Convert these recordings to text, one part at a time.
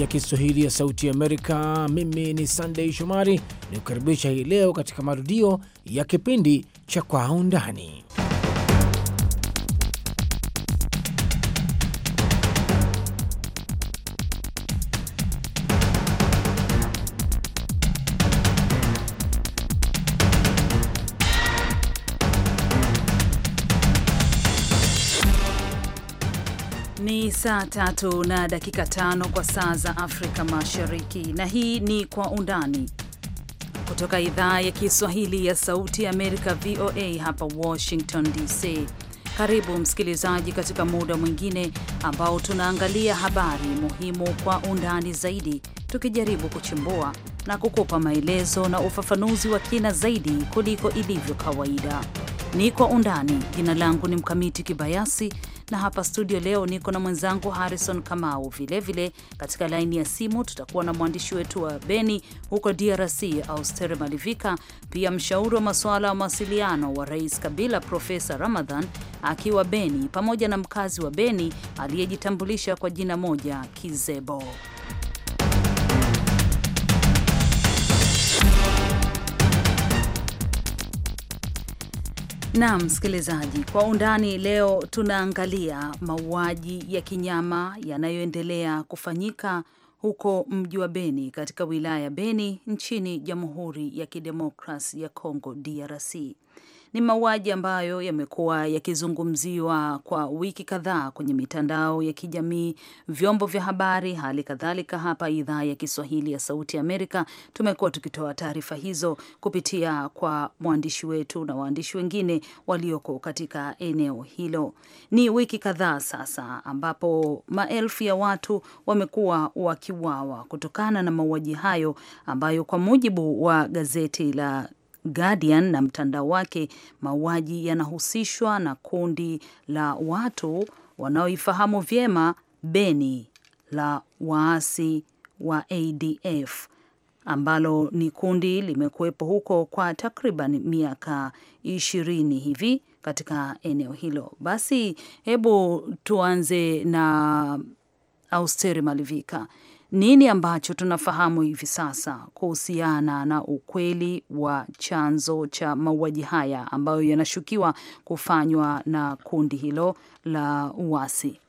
ya Kiswahili ya Sauti Amerika. Mimi ni Sandei Shomari, nikukaribisha hii leo katika marudio ya kipindi cha Kwa Undani. saa tatu na dakika tano kwa saa za Afrika Mashariki, na hii ni Kwa Undani kutoka idhaa ya Kiswahili ya Sauti ya Amerika, VOA hapa Washington DC. Karibu msikilizaji, katika muda mwingine ambao tunaangalia habari muhimu kwa undani zaidi, tukijaribu kuchimbua na kukupa maelezo na ufafanuzi wa kina zaidi kuliko ilivyo kawaida. Ni Kwa Undani. Jina langu ni Mkamiti Kibayasi na hapa studio leo niko na mwenzangu Harrison Kamau. Vilevile katika laini ya simu tutakuwa na mwandishi wetu wa Beni huko DRC, auster Malivika, pia mshauri wa masuala ya mawasiliano wa Rais Kabila Profesa Ramadhan akiwa Beni, pamoja na mkazi wa Beni aliyejitambulisha kwa jina moja Kizebo. Na msikilizaji, kwa undani leo tunaangalia mauaji ya kinyama yanayoendelea kufanyika huko mji wa Beni katika wilaya ya Beni nchini Jamhuri ya Kidemokrasi ya congo DRC. Ni mauaji ambayo yamekuwa yakizungumziwa kwa wiki kadhaa kwenye mitandao ya kijamii, vyombo vya habari, hali kadhalika hapa idhaa ya Kiswahili ya Sauti Amerika tumekuwa tukitoa taarifa hizo kupitia kwa mwandishi wetu na waandishi wengine walioko katika eneo hilo. Ni wiki kadhaa sasa ambapo maelfu ya watu wamekuwa wakiuawa kutokana na mauaji hayo ambayo kwa mujibu wa gazeti la Guardian na mtandao wake, mauaji yanahusishwa na kundi la watu wanaoifahamu vyema Beni la waasi wa ADF ambalo ni kundi limekuwepo huko kwa takriban miaka ishirini hivi katika eneo hilo. Basi hebu tuanze na Austeri Malivika, nini ambacho tunafahamu hivi sasa kuhusiana na ukweli wa chanzo cha mauaji haya ambayo yanashukiwa kufanywa na kundi hilo la uasi?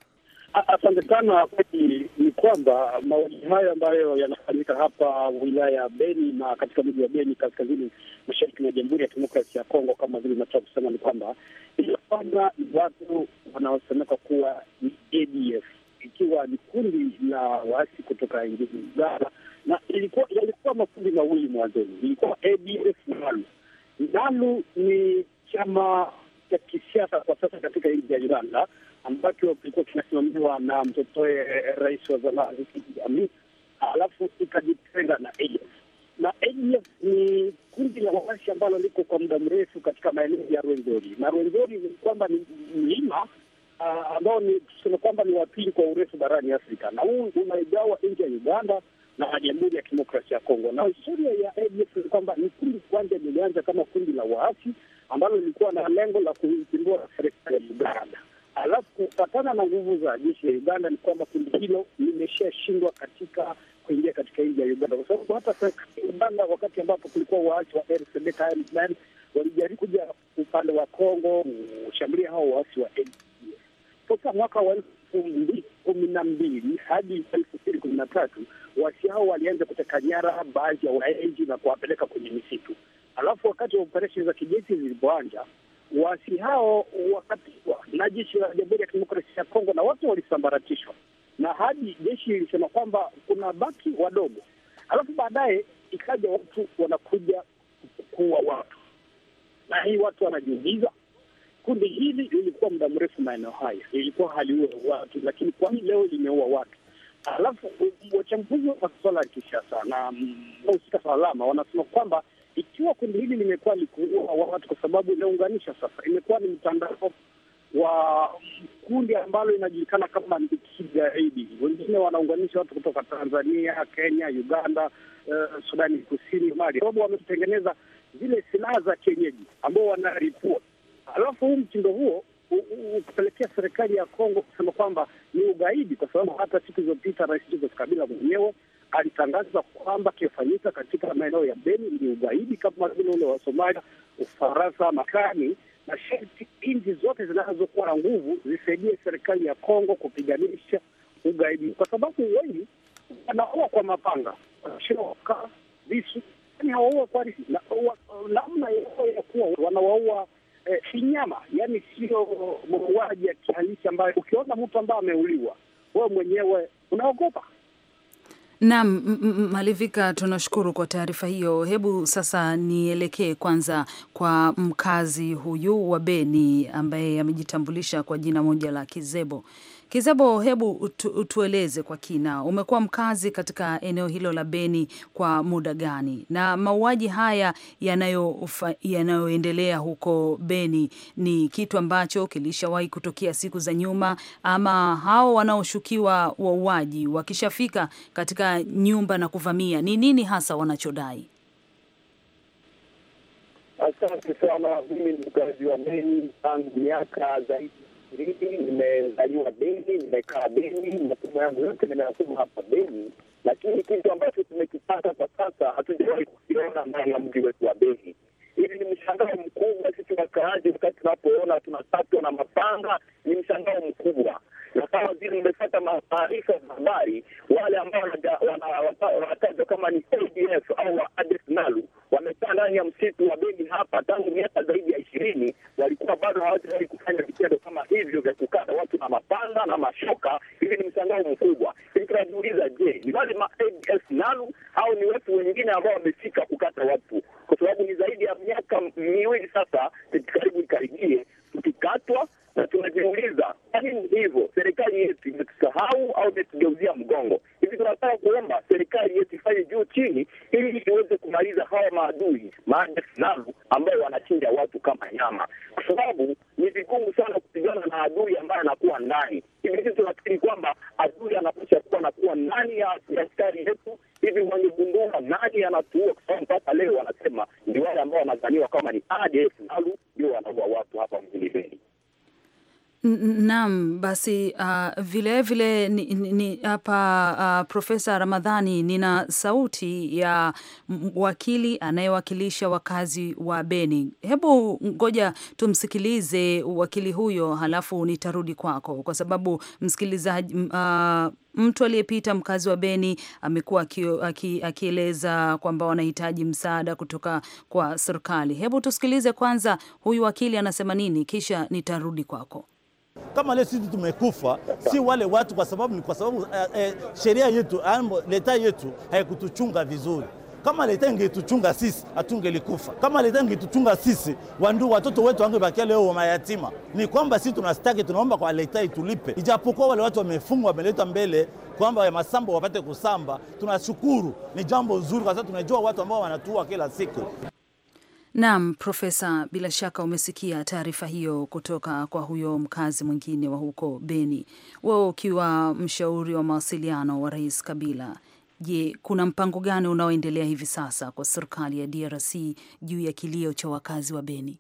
Asante sana. Kweli ni kwamba mauaji haya ambayo yanafanyika hapa wilaya ya Beni na katika mji wa Beni kaskazini mashariki mwa Jamhuri ya Kidemokrasia ya Kongo, kama vile inataka kusema ni kwamba iliyofanywa ni watu wanaosemeka kuwa ni ADF ikiwa ni kundi la waasi kutoka nchini Uganda, na ilikuwa yalikuwa makundi mawili mwanzoni, ilikuwa ADF NALU. NALU ni chama cha kisiasa kwa sasa katika nchi ya Uganda ambacho kilikuwa kinasimamiwa na mtotoe eh, rais wa zamani Amin, alafu ikajitenga na ADF na ADF ni kundi la waasi ambalo liko kwa muda mrefu katika maeneo ya Rwenzori, na Rwenzori ni kwamba ni mlima Ah, ambao ni kusema kwamba ni wapili kwa urefu barani Afrika, na huu unaigawa nje ya Uganda na Jamhuri ya Kidemokrasia ya Kongo. Na historia ya ADF ni kwamba ni kundi kwanza lilianza kama kundi la waasi ambalo lilikuwa na lengo la kuipindua serikali ya Uganda. Alafu kupatana na nguvu za jeshi ya Uganda ni kwamba kundi hilo limeshashindwa katika kuingia katika nchi ya Uganda, kwa sababu hata Uganda wakati ambapo kulikuwa waasi wa RCD walijaribu kuja upande wa Kongo kushambulia hao waasi wa ADF toka mwaka wa elfu mbili kumi na mbili hadi elfu mbili kumi na tatu waasi hao walianza kuteka nyara baadhi ya wananchi na kuwapeleka kwenye misitu. Alafu wakati wa operesheni za kijeshi zilipoanja, waasi hao wakapigwa na jeshi la Jamhuri ya Kidemokrasia ya Kongo na wote walisambaratishwa, na hadi jeshi lilisema kwamba kuna baki wadogo. Alafu baadaye ikaja watu wanakuja kuua watu, na hii watu wanajiuliza Kundi hili lilikuwa muda mrefu maeneo hayo, lilikuwa haliua watu, lakini kwani leo limeua watu? Alafu um, wachambuzi wa masuala ya kisiasa na um, wahusika salama wanasema kwamba ikiwa kundi hili limekuwa likuua watu kwa sababu inaunganisha sasa, imekuwa ni mtandao wa um, kundi ambalo inajulikana kama ni kigaidi. Wengine wanaunganisha watu kutoka Tanzania, Kenya, Uganda, uh, Sudani Kusini, Mali, sababu wametengeneza zile silaha za kienyeji ambao wanaripoti Alafu huu mtindo huo ukipelekea serikali ya Kongo kusema kwamba ni ugaidi, kwa sababu hata siku zilizopita Rais Joseph Kabila mwenyewe alitangaza kwamba kifanyika katika maeneo ya Beni ni ugaidi kama vile ule wa Somalia, Ufaransa, Marekani na sharti nchi zote zinazokuwa na nguvu zisaidie serikali ya Kongo kupiganisha ugaidi, kwa sababu wengi wanaua kwa mapanga, wanashoka visu, yani hawaua kwa namna yao ya kuwa wanawaua eh, kinyama, yani sio mauaji ya kihalisi ambayo ukiona mtu ambaye ameuliwa wewe mwenyewe unaogopa. Naam, Malivika, tunashukuru kwa taarifa hiyo. Hebu sasa nielekee kwanza kwa mkazi huyu wa Beni ambaye amejitambulisha kwa jina moja la Kizebo. Kizabo, hebu utueleze kwa kina, umekuwa mkazi katika eneo hilo la Beni kwa muda gani, na mauaji haya yanayoendelea yanayo huko Beni ni kitu ambacho kilishawahi kutokea siku za nyuma, ama hao wanaoshukiwa wauaji wakishafika katika nyumba na kuvamia, ni nini hasa wanachodai? Asante sana. Mimi ni mkazi wa Beni tangu miaka zaidi Mashariki, nimezaliwa Beni, nimekaa Beni, masomo yangu yote nimeyasoma hapa Beni, lakini kitu ambacho sisi tunafikiri kwamba adui anapasha kuwa nakuwa nani ya askari yetu hivi wangegundua nani anatuua, kwa sababu mpaka leo wanasema ni wale ambao wanadhaniwa kama ni ADF nalu Naam, basi uh, vile vile ni, ni, hapa uh, Profesa Ramadhani, nina sauti ya wakili anayewakilisha wakazi wa Beni. Hebu ngoja tumsikilize wakili huyo, halafu nitarudi kwako kwa sababu msikilizaji uh, mtu aliyepita mkazi wa Beni amekuwa akieleza kwamba wanahitaji msaada kutoka kwa serikali. Hebu tusikilize kwanza huyu wakili anasema nini, kisha nitarudi kwako. Kama leo sisi tumekufa, si wale watu, kwa sababu ni kwa sababu eh, eh, sheria yetu leta yetu haikutuchunga vizuri. Kama leta ingetuchunga sisi hatungelikufa. Kama leta ingetuchunga sisi wandu watoto wetu wangebakia leo mayatima. Ni kwamba sisi tunastaki, tunaomba kwa leta itulipe, ijapokuwa wale watu wamefungwa, wameletwa mbele kwamba masambo wapate kusamba. Tunashukuru, ni jambo zuri, kwa sababu tunajua watu ambao wanatua kila siku. Naam, Profesa, bila shaka umesikia taarifa hiyo kutoka kwa huyo mkazi mwingine wa huko Beni. Wewe ukiwa mshauri wa mawasiliano wa Rais Kabila, je, kuna mpango gani unaoendelea hivi sasa kwa serikali ya DRC juu ya kilio cha wakazi wa Beni?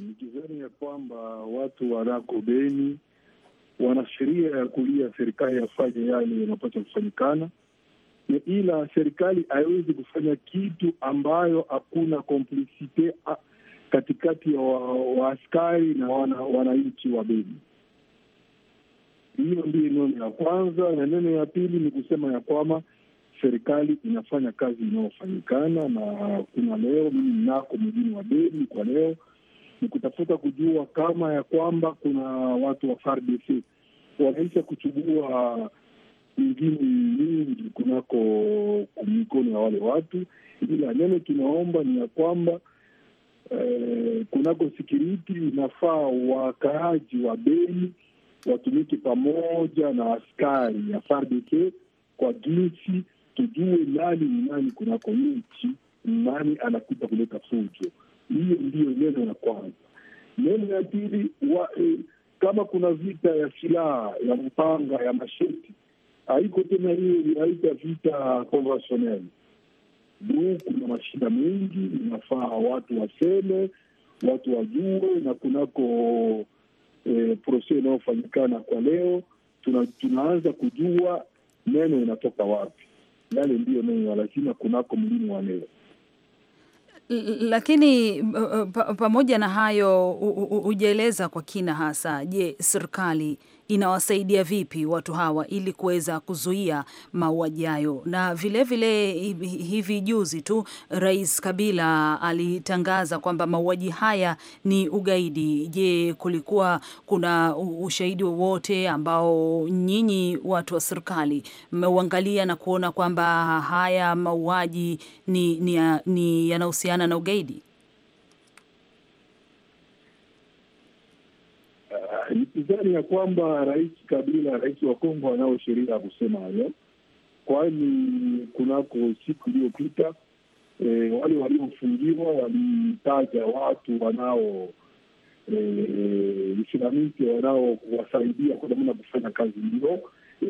Nikizani ya kwamba watu wanako Beni wanasheria ya kulia serikali yafanye yale yanapata kufanyikana ila serikali haiwezi kufanya kitu ambayo hakuna komplisite ah, katikati ya waaskari na wananchi wana wa Beni. Hiyo ndiyo neno ya kwanza, na neno ya pili ni kusema ya kwamba serikali inafanya kazi inayofanyikana, na kuna leo mimi nako mjini wa Beni kwa leo ni kutafuta kujua kama ya kwamba kuna watu wa FARDC wanaisha kuchugua mingine mingi kunako mikono ya wale watu, ila neno tunaomba ni ya kwamba eh, kunako sikiriti inafaa wakaaji wa Beni watumike pamoja na askari ya FARDC kwa jinsi tujue nani ni nani kunako nchi, nani anakuja kuleta fujo. Hiyo ndiyo neno la kwanza. Neno ya pili wa, eh, kama kuna vita ya silaha ya mpanga ya masheti haiko tena hiyo haita vita konvensionel du. kuna mashida mengi, inafaa watu waseme, watu wajue, na kunako e, eh, prose inayofanyikana kwa leo tuna, tunaanza kujua neno inatoka wapi. Yale ndiyo neno ya lazima kunako mlimu wa leo lakini eh, eh, pamoja na hayo, hujaeleza kwa kina hasa. Je, serikali inawasaidia vipi watu hawa ili kuweza kuzuia mauaji hayo. Na vilevile vile, hivi juzi tu Rais Kabila alitangaza kwamba mauaji haya ni ugaidi. Je, kulikuwa kuna ushahidi wowote ambao nyinyi watu wa serikali mmeuangalia na kuona kwamba haya mauaji ni, ni, ni yanahusiana na ugaidi? Sidhani ya kwamba Rais Kabila, rais wa Kongo, anao sheria ya kusema hayo, kwani kunako siku iliyopita e, wale waliofungiwa walitaja watu wanao eh, islamiti e, wanaowasaidia kudamana kufanya kazi hiyo e,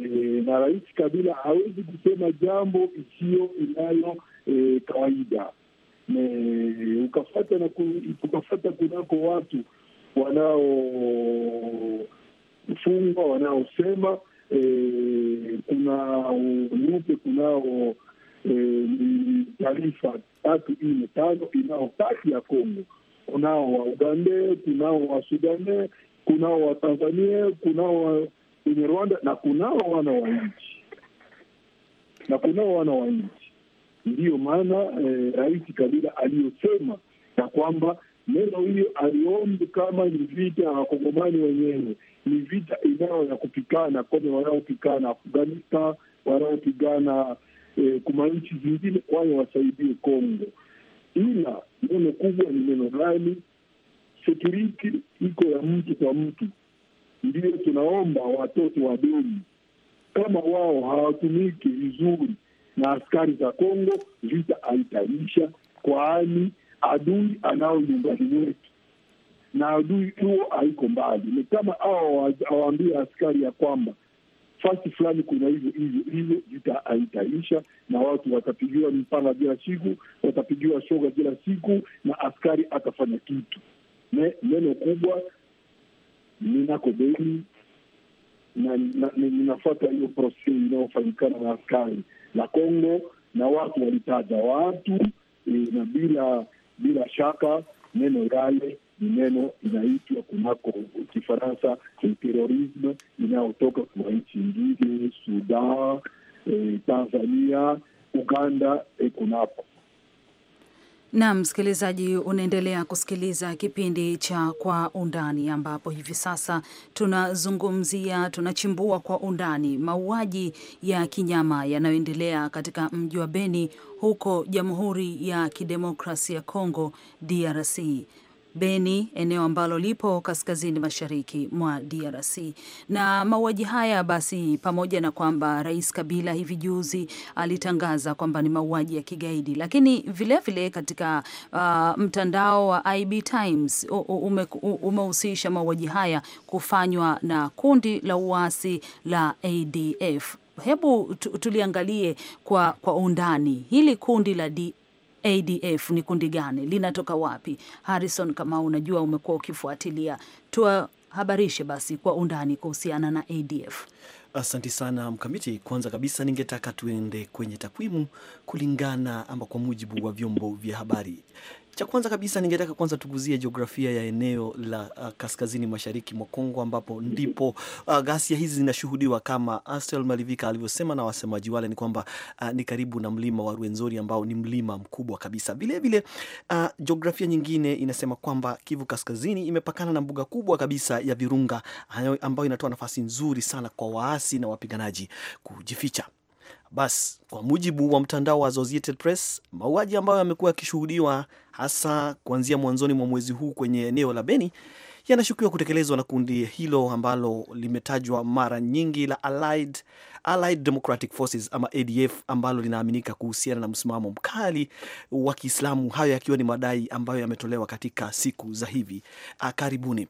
na Rais Kabila hawezi kusema jambo isiyo inayo e, kawaida ukafata na ku, ukafata kunako watu wanaofungwa wanaosema e, kuna nyupe kunao e, taarifa tatu nne tano inao kati ya Kongo, kunao wa Ugande, kunao wa Sudane, kunao wa Tanzania, kunao wenye Rwanda na kunao wana wa nchi na kunao wana wa nchi. Ndiyo maana e, Rais Kabila aliyosema ya kwamba Neno hiyo aliombi kama ni vita ya wakongomani wenyewe, ni vita inayo ya kupikana kwenye wanaopikana Afghanistan, wanaopigana eh, kuma nchi zingine, kwayo wasaidie Kongo. Ila neno kubwa ni neno gani? Sekuriti iko ya mtu kwa mtu. Ndiyo tunaomba watoto wa deni, kama wao hawatumiki vizuri na askari za Kongo, vita haitaisha, kwani adui anao nyumbani mwetu, na adui huo haiko mbali. Ni kama awa awaambie askari ya kwamba fasi fulani kuna hivyo hivyo hivyo, vita haitaisha, na watu watapigiwa mpanga kila siku, watapigiwa shoga kila siku, na askari atafanya kitu ne, neno kubwa ninako Beni na ninafata hiyo prose inayofanyikana na askari la Kongo na watu walitaja watu e, na bila bila shaka neno rale ni neno inaitwa kunako Kifaransa terorisme inayotoka kwa nchi ingine Sudan, eh, Tanzania, Uganda, eh, kunako na msikilizaji, unaendelea kusikiliza kipindi cha Kwa Undani, ambapo hivi sasa tunazungumzia, tunachimbua kwa undani mauaji ya kinyama yanayoendelea katika mji wa Beni huko Jamhuri ya Kidemokrasia ya Kongo, DRC. Beni, eneo ambalo lipo kaskazini mashariki mwa DRC. Na mauaji haya basi, pamoja na kwamba Rais Kabila hivi juzi alitangaza kwamba ni mauaji ya kigaidi, lakini vilevile vile katika uh, mtandao wa IB Times umehusisha mauaji haya kufanywa na kundi la uasi la ADF. Hebu tuliangalie kwa, kwa undani hili kundi la ADF ni kundi gani, linatoka wapi? Harrison, kama unajua umekuwa ukifuatilia, tuwahabarishe basi kwa undani kuhusiana na ADF. Asanti sana Mkamiti. Kwanza kabisa, ningetaka tuende kwenye takwimu kulingana ama kwa mujibu wa vyombo vya habari cha kwanza kabisa ningetaka kwanza tuguzie jiografia ya eneo la uh, kaskazini mashariki mwa Kongo ambapo ndipo uh, ghasia hizi zinashuhudiwa kama Astel Malivika alivyosema na wasemaji wale ni kwamba uh, ni karibu na mlima wa Rwenzori ambao ni mlima mkubwa kabisa. Vilevile uh, jiografia nyingine inasema kwamba Kivu kaskazini imepakana na mbuga kubwa kabisa ya Virunga ambayo inatoa nafasi nzuri sana kwa waasi na wapiganaji kujificha. Basi kwa mujibu wa mtandao wa Associated Press, mauaji ambayo yamekuwa yakishuhudiwa hasa kuanzia mwanzoni mwa mwezi huu kwenye eneo la Beni yanashukiwa kutekelezwa na kundi hilo ambalo limetajwa mara nyingi la Allied, Allied Democratic Forces ama ADF ambalo linaaminika kuhusiana na msimamo mkali wa Kiislamu, hayo yakiwa ni madai ambayo yametolewa katika siku za hivi ah, karibuni.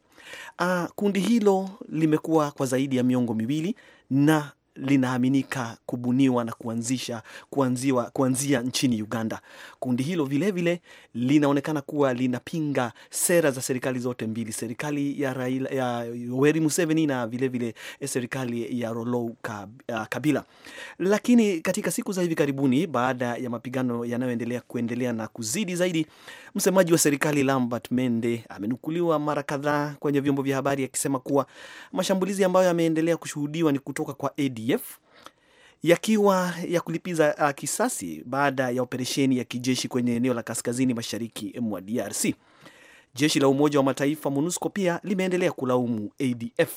Ah, kundi hilo limekuwa kwa zaidi ya miongo miwili na linaaminika kubuniwa na kuanzisha kuanziwa, kuanzia nchini Uganda. Kundi hilo vilevile linaonekana kuwa linapinga sera za serikali zote mbili, serikali ya Raila, ya Yoweri Museveni na vilevile vile serikali ya Rolou Kabila. Lakini katika siku za hivi karibuni, baada ya mapigano yanayoendelea kuendelea na kuzidi zaidi, msemaji wa serikali Lambert Mende amenukuliwa mara kadhaa kwenye vyombo vya habari akisema kuwa mashambulizi ambayo yameendelea kushuhudiwa ni kutoka kwa AD ADF yakiwa ya kulipiza ah, kisasi baada ya operesheni ya kijeshi kwenye eneo la kaskazini mashariki mwa DRC. Jeshi la Umoja wa Mataifa MONUSCO pia limeendelea kulaumu ADF.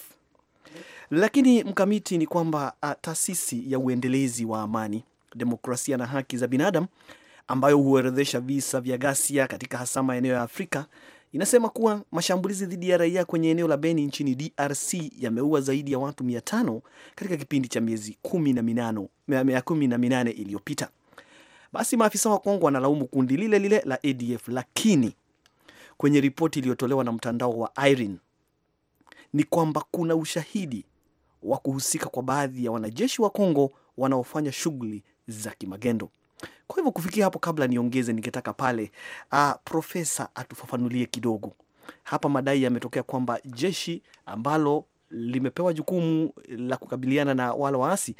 Lakini mkamiti ni kwamba ah, taasisi ya uendelezi wa amani, demokrasia na haki za binadamu ambayo huorodhesha visa vya ghasia katika hasa maeneo ya Afrika inasema kuwa mashambulizi dhidi ya raia kwenye eneo la Beni nchini DRC yameua zaidi ya watu 5 katika kipindi cha miezi kumi na kumi na minane iliyopita. Basi maafisa wa Kongo wanalaumu kundi lile lile la ADF, lakini kwenye ripoti iliyotolewa na mtandao wa Irene ni kwamba kuna ushahidi wa kuhusika kwa baadhi ya wanajeshi wa Kongo wanaofanya shughuli za kimagendo. Kwa hivyo kufikia hapo, kabla niongeze, ningetaka pale uh, profesa atufafanulie kidogo hapa. Madai yametokea kwamba jeshi ambalo limepewa jukumu la kukabiliana na wale waasi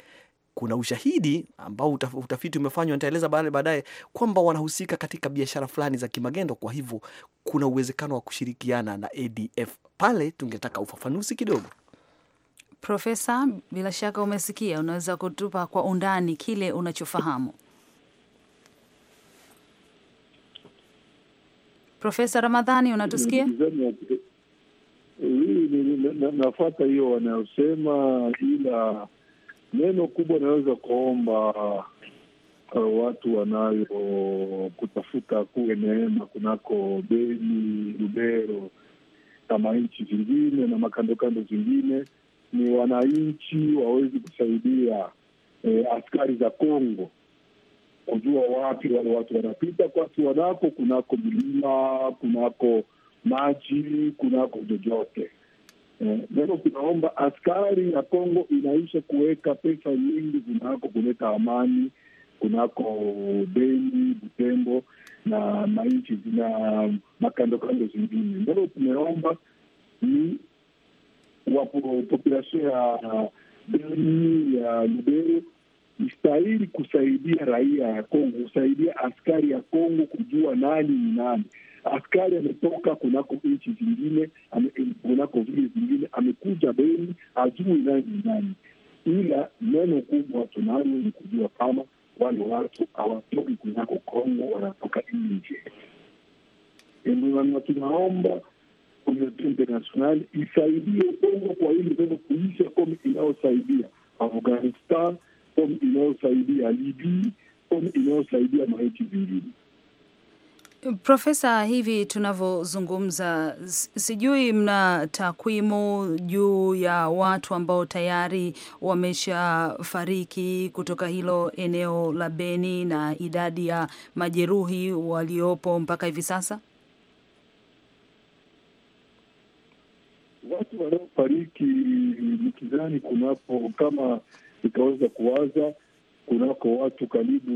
kuna ushahidi ambao utafiti umefanywa, nitaeleza baadaye, kwamba wanahusika katika biashara fulani za kimagendo. Kwa hivyo kuna uwezekano wa kushirikiana na ADF pale. Tungetaka ufafanuzi kidogo, Profesa. Bila shaka umesikia, unaweza kutupa kwa undani kile unachofahamu. Profesa Ramadhani, unatusikia? Nafata hiyo wanayosema, ila neno kubwa naweza kuomba uh, watu wanayokutafuta kuwe neema kunako Beni, Lubero na manchi zingine na makandokando zingine ni wananchi wawezi kusaidia eh, askari za Kongo kujua wapi wale watu wanapita, kwasi wanako kunako milima, kunako maji, kunako jojote neno eh, tunaomba askari ya Kongo inaisha kuweka pesa nyingi kunako kuleta amani kunako Beni, Butembo na manchi zina makandokando zingine. Ndio tumeomba ni wapopulasio ya Beni ya Lubero istahili kusaidia raia ya Kongo, kusaidia askari ya Kongo kujua nani ni nani. Askari ametoka kunako nchi zingine, kunako vile zingine, amekuja Beni ajui nani ni nani, ila neno kubwa tunalo ni kujua kama wale watu hawatoki kunako Kongo, wanatoka nje. Tunaomba community international isaidie Kongo kwa hili neno kuisha, kama inayosaidia Afghanistan fomu inayosaidia Libii, fomu inayosaidia maiti vingine. Profesa, hivi tunavyozungumza, sijui mna takwimu juu ya watu ambao tayari wameshafariki kutoka hilo eneo la Beni na idadi ya majeruhi waliopo mpaka hivi sasa? Watu wanaofariki mkidhani kunapo kama ikaweza kuwaza kunako watu karibu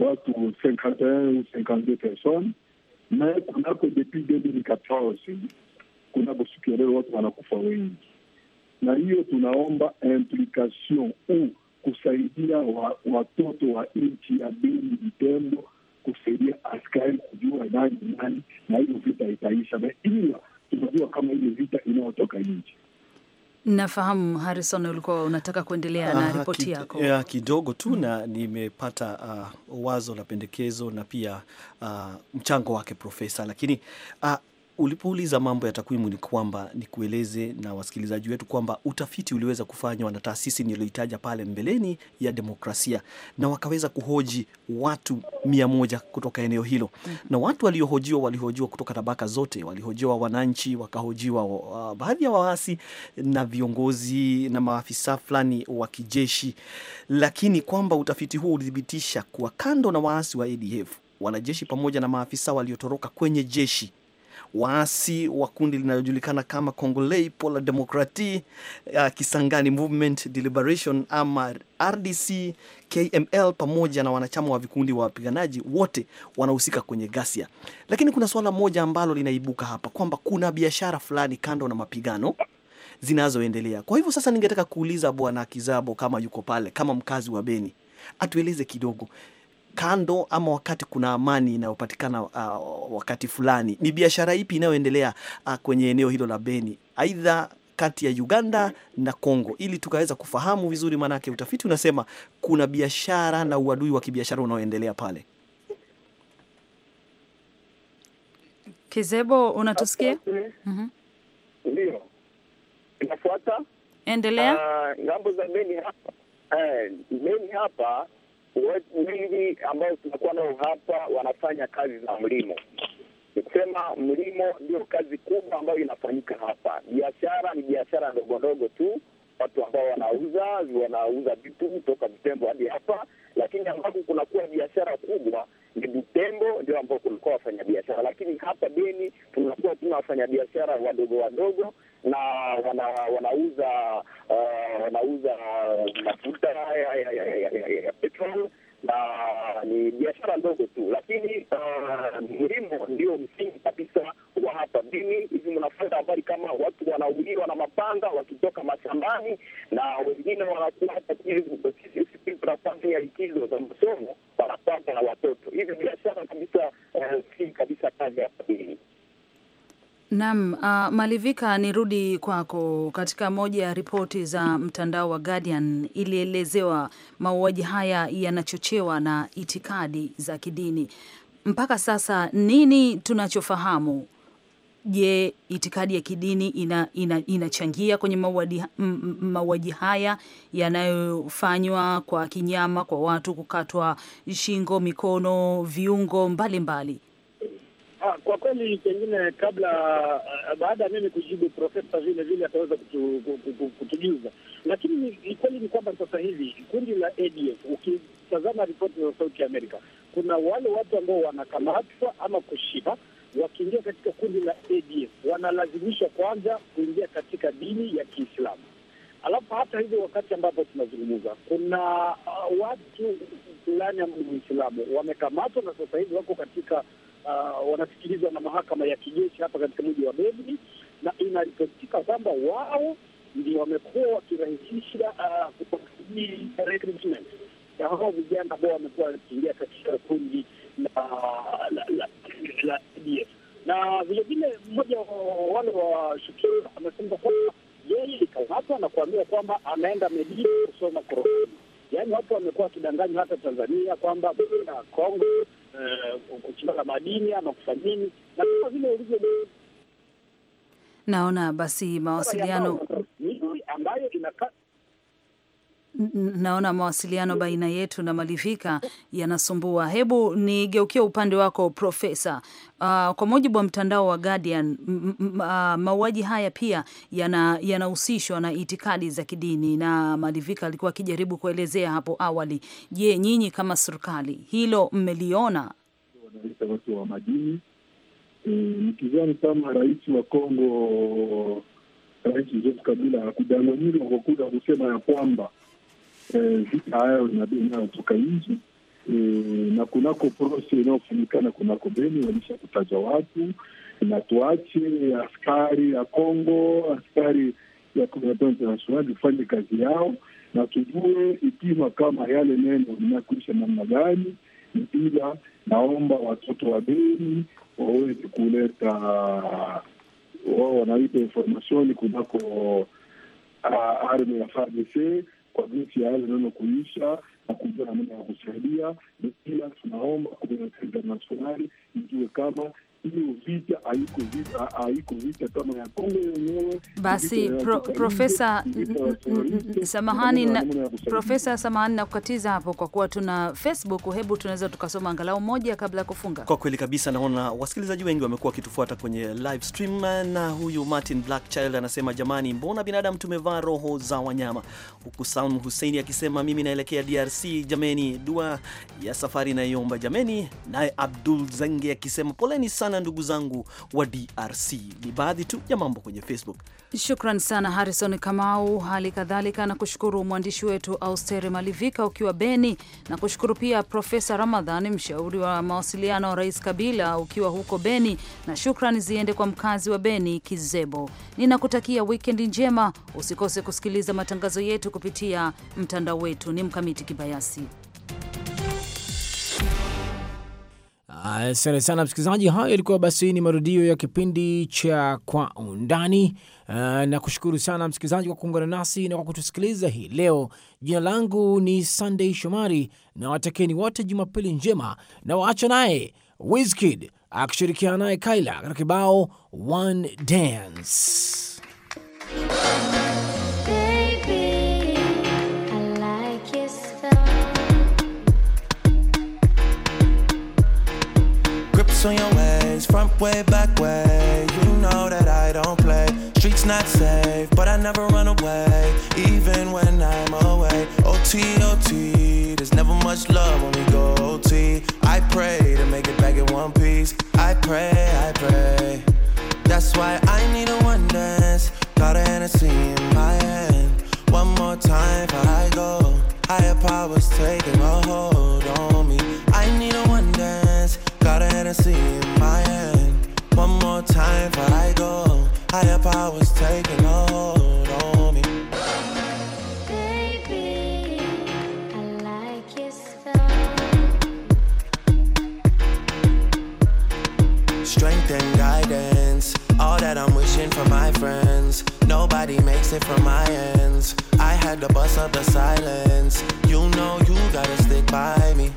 watu 51 52 personnes na kunako depuis 2014 kunako siku ya leo watu wanakufa wengi, na hiyo tunaomba implication u kusaidia watoto wa nchi ya Beni Vitembo, kusaidia askari kujua nani nani, na hiyo vita itaisha. Na ila tunajua kama ile vita inayotoka nji Nafahamu Harrison, ulikuwa unataka kuendelea na ah, ripoti yako ya kidogo tu mm. na mm. Nimepata uh, wazo la pendekezo na pia uh, mchango wake profesa, lakini uh, ulipouliza mambo ya takwimu, ni kwamba ni kueleze na wasikilizaji wetu kwamba utafiti uliweza kufanywa na taasisi niliyoitaja pale mbeleni ya demokrasia, na wakaweza kuhoji watu mia moja kutoka eneo hilo Na watu waliohojiwa walihojiwa kutoka tabaka zote, walihojiwa wananchi, wakahojiwa uh, baadhi ya waasi na viongozi na maafisa fulani wa kijeshi, lakini kwamba utafiti huo ulithibitisha kuwa kando na waasi wa ADF wanajeshi pamoja na maafisa waliotoroka kwenye jeshi waasi wa kundi linalojulikana kama Congolais pour la Democratie uh, Kisangani Movement Deliberation ama RDC KML pamoja na wanachama wa vikundi wa wapiganaji wote wanahusika kwenye ghasia. Lakini kuna suala moja ambalo linaibuka hapa kwamba kuna biashara fulani kando na mapigano zinazoendelea. Kwa hivyo sasa, ningetaka kuuliza Bwana Kizabo kama yuko pale, kama mkazi wa Beni, atueleze kidogo kando ama wakati kuna amani inayopatikana uh, wakati fulani, ni biashara ipi inayoendelea uh, kwenye eneo hilo la Beni aidha kati ya Uganda na Kongo ili tukaweza kufahamu vizuri, maanake utafiti unasema kuna biashara na uadui wa kibiashara unaoendelea pale. Kizebo, unatusikia? mm -hmm. Ndio, inafuata endelea. Uh, ngambo za Beni hapa, uh, Beni hapa wengi ambao tunakuwa nao hapa wanafanya kazi za mlimo. Ni kusema mlimo ndio kazi kubwa ambayo inafanyika hapa. Biashara ni biashara ndogo ndogo tu, watu ambao wanauza wanauza vitu kutoka Vitembo hadi hapa lakini ambako kunakuwa biashara kubwa ni Butembo, ndio ambao kulikuwa wafanyabiashara, lakini hapa Beni tunakuwa tuna wafanyabiashara wadogo wadogo na wana, wanauza uh, wanauza mafuta ya petrol na ni biashara ndogo tu, lakini uh, ndio msingi kabisa wa hapa. Dini hizi mnafuata habari kama watu wanauliwa na mapanga wakitoka mashambani, na wengine wanakuwa tunafanya likizo za masomo wanapata na watoto. Hivi biashara kabisa uh, si kabisa kazi hapa dini Naam, uh, Malivika, nirudi kwako. Katika moja ya ripoti za mtandao wa Guardian ilielezewa mauaji haya yanachochewa na itikadi za kidini. Mpaka sasa nini tunachofahamu? Je, itikadi ya kidini inachangia ina, ina kwenye mauaji haya yanayofanywa kwa kinyama kwa watu kukatwa shingo, mikono, viungo mbalimbali mbali. Ah, kwa kweli pengine kabla ah, baada ya mimi kujibu profesa vile vile ataweza kutu, kutu, kutujuza, lakini kweli ni kwamba sasa hivi kundi la ADF ukitazama ripoti za Sauti ya Amerika, kuna wale watu ambao wanakamatwa ama kushiba wakiingia katika kundi la ADF wanalazimishwa kwanza kuingia katika dini ya Kiislamu. Alafu hata hivyo, wakati ambapo tunazungumza, kuna uh, watu fulani ambao ni Waislamu wamekamatwa na sasa hivi wako katika uh, wanasikilizwa na mahakama ya kijeshi hapa katika mji wa Beni, na inaripotika kwamba wao ndio wamekuwa wakirahisisha uh, recruitment ya hao vijana ambao wamekuwa wakiingia katika kundi la ADF. Na vilevile mmoja wa wale amesema kwamba yeye ikamatwa na kuambia kwamba anaenda Media kusoma Korani. Yaani watu wamekuwa wakidanganywa hata Tanzania kwamba na Kongo Eh, kuchimba madini ama kufanini na kama vile ulivyo naona basi mawasiliano ambayo inakaa naona mawasiliano baina yetu na Malivika yanasumbua. Hebu nigeukia upande wako Profesa. Uh, kwa mujibu wa mtandao wa Guardian, ah, mauaji haya pia yanahusishwa yana na itikadi za kidini, na Malivika alikuwa akijaribu kuelezea hapo awali. Je, nyinyi kama serikali hilo mmeliona? Wanaita watu wa madini. Nikidhani eh, kama rais wa Kongo, Rais Joseph Kabila hakudanganyiwa kwa kuda kusema ya kwamba Eh, vita hayo inayotoka e, eh, na kunako prose inayofunikana kunako Beni walisha kutaja watu na tuache askari ya Kongo, askari ya Communauté international ifanye kazi yao, na tujue ipima kama yale neno inakuisha namna gani. Mpila naomba watoto wa Beni waweze kuleta wao wanaita information kunako ah, arme ya FARDC kwa jinsi ya hali kuisha na kujua namna ya kusaidia, ila tunaomba kutoka serikali nasionali ijue kama hiyo vita haiko vita, haiko vita kama ya Kongo yenyewe. Basi pro, profesa samahani na, profesa samahani na kukatiza hapo kwa kuwa tuna Facebook, hebu tunaweza tukasoma angalau moja kabla ya kufunga. Kwa kweli kabisa, naona wasikilizaji wengi wamekuwa wakitufuata kwenye live stream, na huyu Martin Blackchild anasema jamani, mbona binadamu tumevaa roho za wanyama, huku Salmu Huseini akisema mimi naelekea DRC jameni, dua ya safari inayoomba jameni, naye Abdul Zange akisema poleni sana sana ndugu zangu wa DRC. Ni baadhi tu ya mambo kwenye Facebook. Shukran sana Harrison Kamau, hali kadhalika na kushukuru mwandishi wetu Austere Malivika ukiwa Beni, na kushukuru pia Profesa Ramadhan, mshauri wa mawasiliano wa Rais Kabila ukiwa huko Beni, na shukrani ziende kwa mkazi wa Beni Kizebo. Ninakutakia wikendi njema, usikose kusikiliza matangazo yetu kupitia mtandao wetu. Ni Mkamiti Kibayasi. Asante sana msikilizaji, hayo yalikuwa basi ni marudio ya kipindi cha Kwa Undani. Uh, ah, na kushukuru sana msikilizaji kwa kuungana nasi na kwa kutusikiliza hii leo. Jina langu ni Sunday Shomari na watakeni wote Jumapili njema, na waacha naye Wizkid akishirikiana naye Kaila katika kibao One Dance. on your ways, front way, back way. You know that I don't play. Streets not safe, but I never run away, even when I'm away. O T O T, there's never much love when we go O T. I pray to make it back in one piece. I pray, I pray. That's why I need a one dance. Got a Hennessy in my hand. One more time before I go. Higher powers taking a hold. fantasy in my head. One more time before I go. Higher powers taking a hold on me. Baby, I like your style. Strength and guidance, all that I'm wishing for my friends. Nobody makes it from my ends. I had to bust up the silence. You know you gotta stick by me.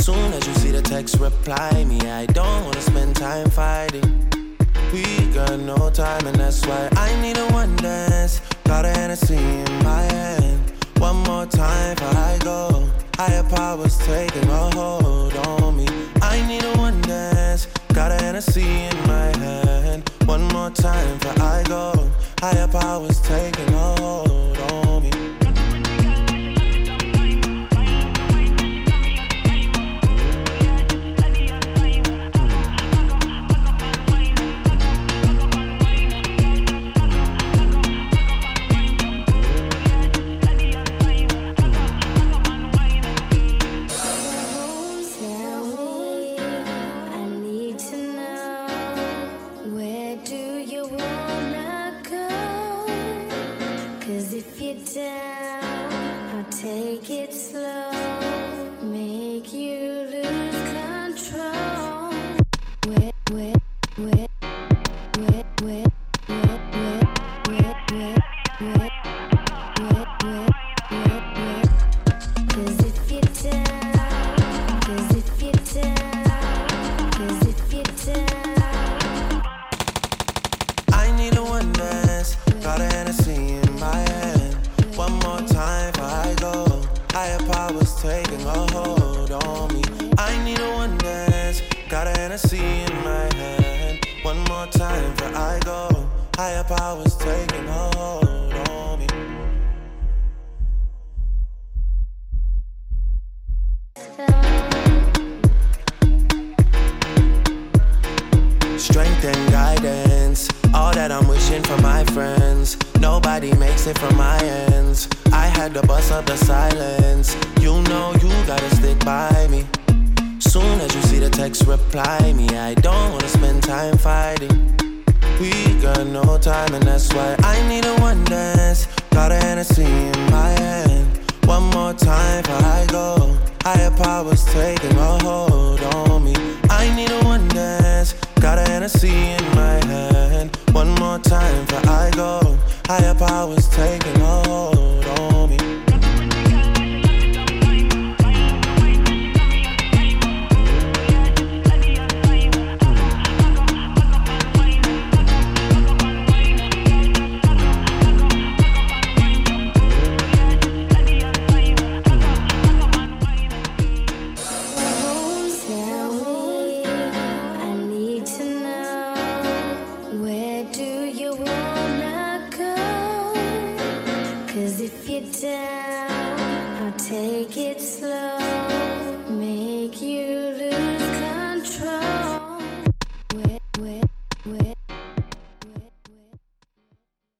Soon as you see the text, reply me. I don't wanna spend time fighting. We got no time, and that's why I need a one dance. Got a Hennessy in my hand. One more time before I go. Higher powers taking a hold on me. I need a one dance. Got a Hennessy in my hand. One more time before I go. Higher powers taking a hold. was taking a hold on me. I need a one dance, got a Hennessy in my hand. One more time for I go, higher powers take.